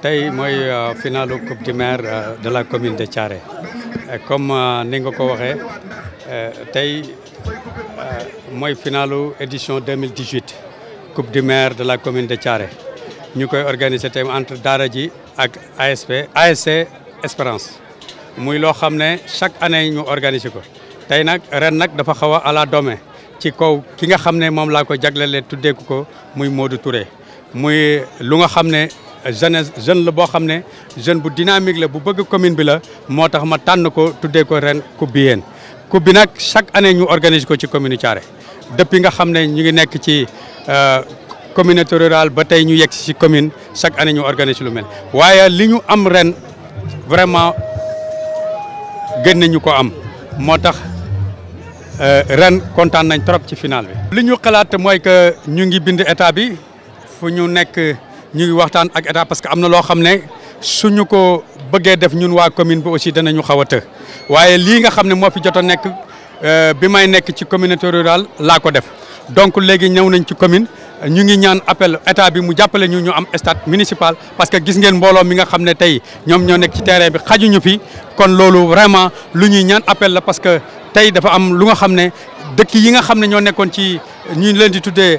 Tay moy euh, finalu coupe du maire euh, de la commune de Thiaré comme euh, n'ingo nga ko waxee finalo mooy finalu édition 2018 coupe du maire de la commune de Thiaré ñu koy organiser tey entre d'araji ji ak ASP ASC Espérance muy lo xamné chaque année ñu organiser ko Tay nak ren nak dafa xawa ala domaine. ci kaw ki nga xamné mom la ko jaglelee tuddee ko muy Modou Touré muy lu nga xamné jeune jeune la boo xam ne jeune bu dynamique la bu bëgg commune bi la moo tax ma tànn ko tuddee ko ren coupe bi yéen coupe bi nag chaque année ñu organise ko ci commune Thiaré depuis nga xam ne ñu ngi nekk ci euh, communauté rurale ba tey ñu yegg si commune chaque année ñu organise lu mel waaye li ñu am ren vraiment gën nañu ko am moo tax euh, ren kontaan nañ trop ci final bi. li ñu xalaat mooy que ñu ngi bind état bi fu ñu nekk. ñu ngi waxtaan ak état parce que am na loo xam ne su ñu ko bëggee def ñun waa commune bi aussi danañu xaw a të waaye lii nga xam ne moo fi jot a nekk euh, bi may nekk ci communauté rurale laa ko def donc léegi ñëw nañ ci commune ñu ngi ñaan appel état bi mu jàppale ñu ñu am stade municipal parce que gis ngeen mbooloo mi nga xam ne tey ñoom ñoo nekk ci terrain bi xajuñu fi kon loolu vraiment lu ñuy ñaan appel la parce que tey dafa am lu nga xam ne dëkk yi nga xam ne ñoo nekkoon ci ñu leen di tuddee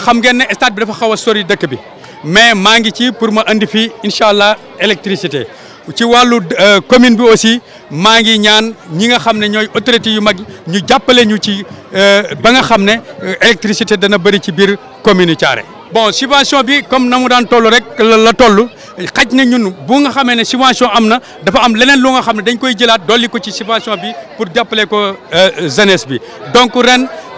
xam ngeen ne stade bi dafa xaw a sori dëkk bi mais maa ngi ci pour ma indi fii incha allah électricité ci wàllu euh, commune bi aussi maa ngi ñaan ñi nga xam ne ñooy autorité yu mag ñu jàppale ñu ci euh, ba nga xam ne euh, électricité dana bëri ci biir commune yu Thiaré bon subvention bi comme na mu daan toll rek la toll xaj na ñun bu nga xamee ne subvention am na dafa am leneen lu nga xam ne dañ koy jëlaat dolli ko ci subvention bi pour jàppale ko jeunesse bi donc ren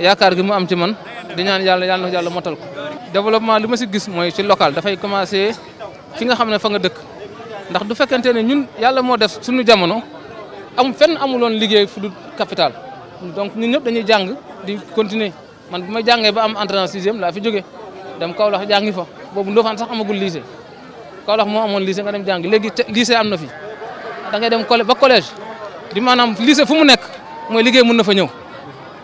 yaakar gi mu am ci man di ñaan yalla yalla na yalla motal ko développement li ma si gis moy ci local da fay commencé fi nga xamne fa nga dëkk ndax du fekkante ne ñun yalla mo def suñu jamono am fenn amuloon liggéey fu capital donc ñun ñëpp dañuy jang di continuer man bu ma jàngee ba am entrant en sixième la fi joggé dem kaw lox jangi fa bobu ndofan sax amagul lycée kaw lox mo amone lycée nga dem jang légui lycée amna fi da nga dem collège ba collège di manam lycée fu mu nek moy liggéey mun na fa ñëw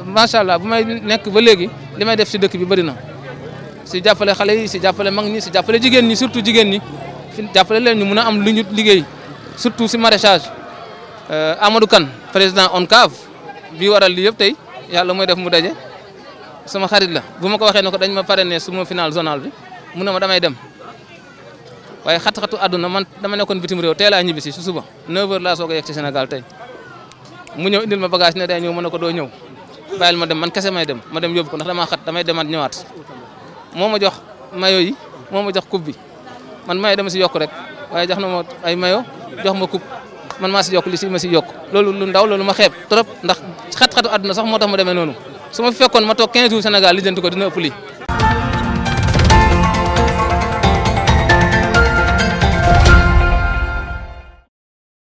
macha allah bu may nek ba legui limay def ci dekk bi bari na si jappale xalé yi si jappale mag ni si jappale jigen ni surtout jigen ni jàppale leen ñu mun am luñu ñu liggéey surtout si maraîchage euh, Amadou kan président onkaf bi waral li yëpp tay yalla moy def mu dajé sama xarit la bu ko waxee dañ ma parrainé suma final zonal bi mu ne ma damay dem waye khat khatu aduna man dama nekkon bitim rew teel a ñibbi su suba 9h la soga yex ci Sénégal tay mu ñew indil ma bagage ne day ñëw ko do ñew bàyyil ma dem man kese may dem ma dem yóbbu ko ndax damaa xat damay demaat ñëwaat moo ma jox mayo yi moo ma jox coupe bi man mayo dama si yokk rek waaye jox na ma ay mayo jox ma coupe man maa si yokk li si ma si yokk loolu lu ndaw loolu ma xeeb trop ndax xat-xatu àdduna sax moo tax ma demee noonu su ma fekkoon ma toog 15 jours Sénégal lijjanti ko dina ëpp